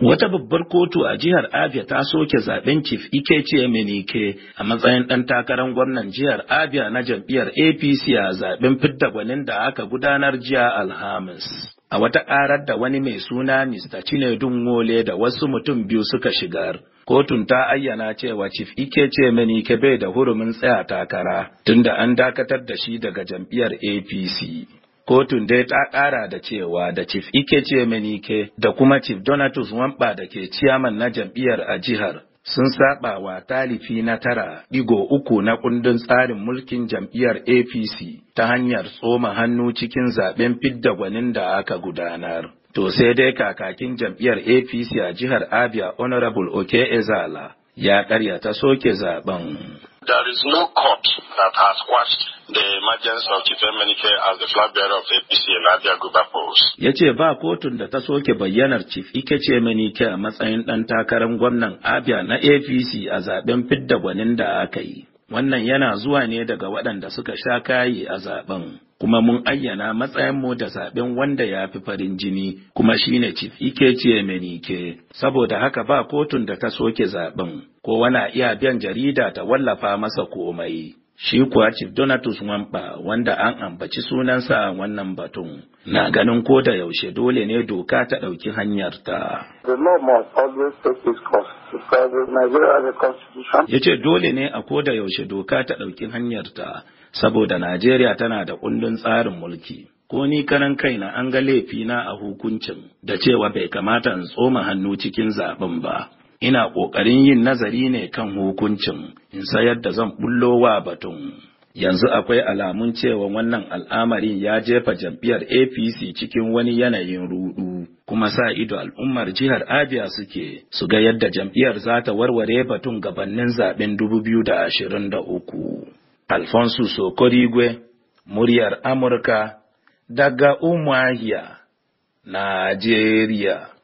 Wata babbar kotu a jihar Abia ta soke zaben Chief Ikechi Emenike a matsayin ɗan takarar gwamnan jihar Abia na jam'iyyar APC a zaben fidda gwanin da aka gudanar jiya Alhamis. A wata ƙarar da wani mai suna Mr. Chinedu Wole da wasu mutum biyu suka shigar. Kotun ta ayyana cewa Chief Ikechi Emenike bai da hurumin tsaya takara tunda an dakatar da shi daga jam'iyyar APC. Kotun dai ta ƙara da cewa da Chief Ike Cemenike da kuma Chief Donatus Wamba da ke ciyaman na jam'iyyar a jihar sun saba wa talifi na tara digo uku na kundin tsarin mulkin jam'iyyar APC ta hanyar tsoma hannu cikin zaben fidda gwanin da aka gudanar. To sai dai kakakin jam'iyyar APC a jihar Abia Honorable Oke Ezala ya ƙaryata soke zaben. There is no court that has quashed the emergence of Chief Emenike as the flag bearer of APC in Abia Guba Post. Ya ce ba kotun da ta soke bayyanar Chief Ikeche Emenike a matsayin ɗan takarar gwamnan Abia na APC a zaben fidda gwanin da aka yi. wannan yana zuwa ne daga waɗanda suka sha kayi a zaɓen, kuma mun ayyana matsayinmu da zaɓen wanda ya fi farin jini kuma shi shine chief ike menike saboda haka ba kotun da ta soke zaɓen, kowa na iya biyan jarida ta wallafa masa komai Shi kuwa Chief Donatus Wamba wanda an ambaci sunansa wannan batun na ganin ko da yaushe dole ne doka ta ɗauki hanyar ta. Ya ce dole ne a koda yaushe doka ta ɗauki hanyar ta saboda Najeriya tana da kundin tsarin mulki. ko ni karan kaina an ga laifina a hukuncin da cewa bai kamata in tsoma hannu cikin zaɓen ba. ina ƙoƙarin yin nazari ne kan hukuncin in sayar da zan bullo wa batun. Yanzu akwai alamun cewa wannan al'amarin ya jefa jam'iyyar APC cikin wani yanayin rudu, kuma sa ido al'ummar jihar Abia suke su ga yadda jam'iyyar za ta warware batun gabanin zaɓen 2023. Alfonso Sokorigwe, muryar Amurka, daga Umuahia, Najeriya.